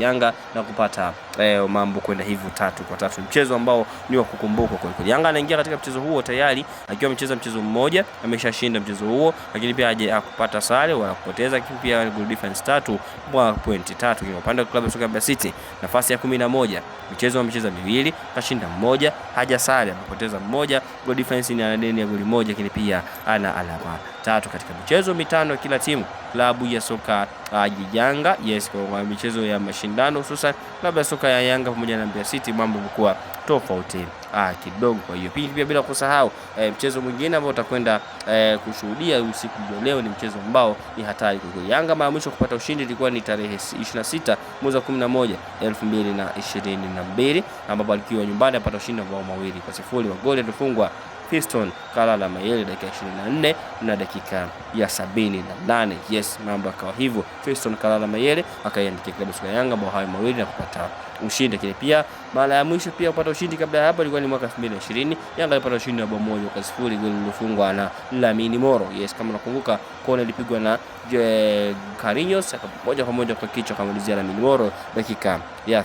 Yanga na kupata eh, mambo kwenda hivyo tatu kwa tatu, mchezo ambao ni wa kukumbukwa kwa kweli. Yanga anaingia katika mchezo huo tayari akiwa amecheza mchezo mmoja, ameshashinda mchezo huo, lakini pia aje akupata sare wala kupoteza, lakini pia goal difference tatu kwa pointi tatu. Kwa upande wa klabu ya soka City, nafasi ya 11 mchezo amecheza miwili, kashinda mmoja, haja sare, amepoteza mmoja, goal difference ni ana deni ya goli moja, lakini pia ana alama tatu katika michezo mitano kila timu. Klabu ya soka uh, Yanga yes, kwa michezo ya mashindano hususan ya soka ya Yanga pamoja na Mbeya City mambo mkua tofauti ah, kidogo. Kwa hiyo pia bila kusahau eh, mchezo mwingine ambao utakwenda eh, kushuhudia usiku wa leo ni mchezo ambao ni hatari kwa Yanga. Mara mwisho kupata ushindi ilikuwa ni tarehe 26 mwezi wa 11 2022 ambapo alikuwa nyumbani apata ushindi wa mawili kwa sifuri wa goli Piston kalala mayele dakika ishirini na nne na dakika ya sabini na nane Yes, mambo akawa hivyo. Piston kalala mayele akaiandikia klabu ya Yanga bao hayo mawili na kupata ushindi, lakini pia mara ya mwisho pia kupata ushindi kabla ya hapo ilikuwa ni mwaka 2020 Yanga alipata ushindi wa bao moja kwa sifuri, goli lilofungwa na Lamine Moro. Yes, kama nakumbuka kona ilipigwa na Carinhos moja kwa moja kwa kichwa kamalizia Lamine Moro dakika ya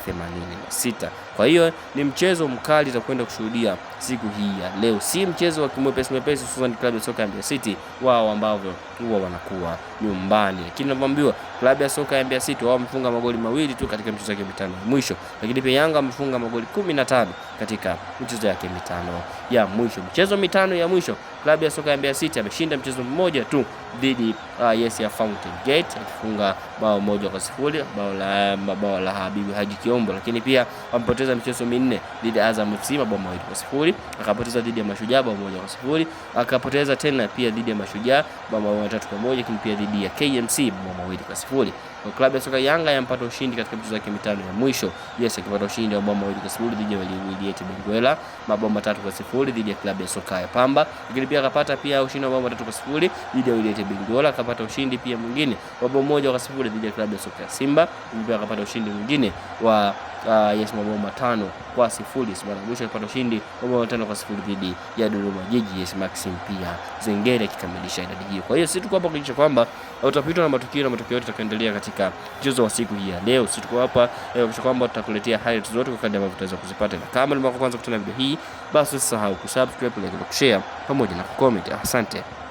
86. Kwa hiyo ni mchezo mkali za kwenda kushuhudia siku hii ya leo, si mchezo wa kimwepesi mwepesi, hususan klabu ya soka ya Mbeya City wao ambao huwa wanakuwa nyumbani, lakini naambiwa klabu ya soka ya Mbeya City wao wamefunga magoli mawili tu katika mchezo wake mitano mwisho lakini pia Yanga amefunga magoli 15 katika michezo yake mitano ya mwisho. Michezo mitano ya mwisho klabu ya soka ya Mbeya City ameshinda mchezo mmoja tu dhidi uh, ah, yes, ya Fountain Gate akifunga bao moja kwa sifuri, bao la mabao la Habibu Haji Kiombo, lakini pia wamepoteza michezo minne dhidi ya Azam FC mabao mawili kwa sifuri, akapoteza dhidi ya Mashujaa bao moja kwa sifuri, akapoteza tena pia dhidi ya Mashujaa bao matatu kwa moja, lakini pia dhidi ya KMC bao mawili kwa sifuri. kwa Klabu ya soka Yanga yampata ushindi katika mchezo wake mitano ya mwisho, yes, akipata ushindi wa mabao mawili kwa sifuri dhidi ya Wiliete Benguela, mabao matatu kwa sifuri dhidi ya klabu ya soka ya Pamba, lakini pia akapata pia ushindi wa bao matatu kwa sifuri dhidi ya United Bengola, akapata ushindi pia mwingine wa bao moja kwa sifuri dhidi ya klabu ya soka ya Simba, pia akapata ushindi mwingine wa uh, yes mabao matano kwa sifuri. Simba Arusha alipata ushindi mabao matano kwa sifuri dhidi ya Dodoma Jiji, yes Maxim pia Zengere akikamilisha idadi hiyo. Kwa hiyo sisi tuko hapa kuhakikisha kwamba uh, utapitwa na matukio na matukio yote yatakayoendelea katika mchezo wa siku hii ya leo. Sisi tuko hapa uh, kuhakikisha kwamba tutakuletea highlights zote kwa kadri ambavyo tutaweza kuzipata, na kama ni mara ya kwanza kutana video hii, basi usisahau kusubscribe, like na kushare pamoja na kucomment. Asante.